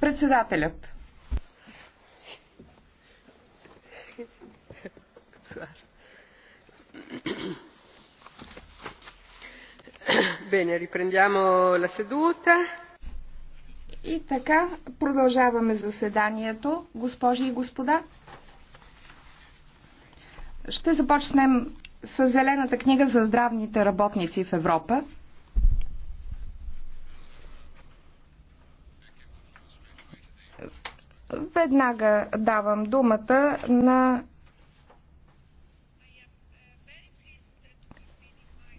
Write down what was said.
Председателят. Bene, riprendiamo la seduta. И така, продължаваме заседанието, госпожи и господа. Ще започнем с Зелената книга за здравните работници в Европа. Веднага давам думата на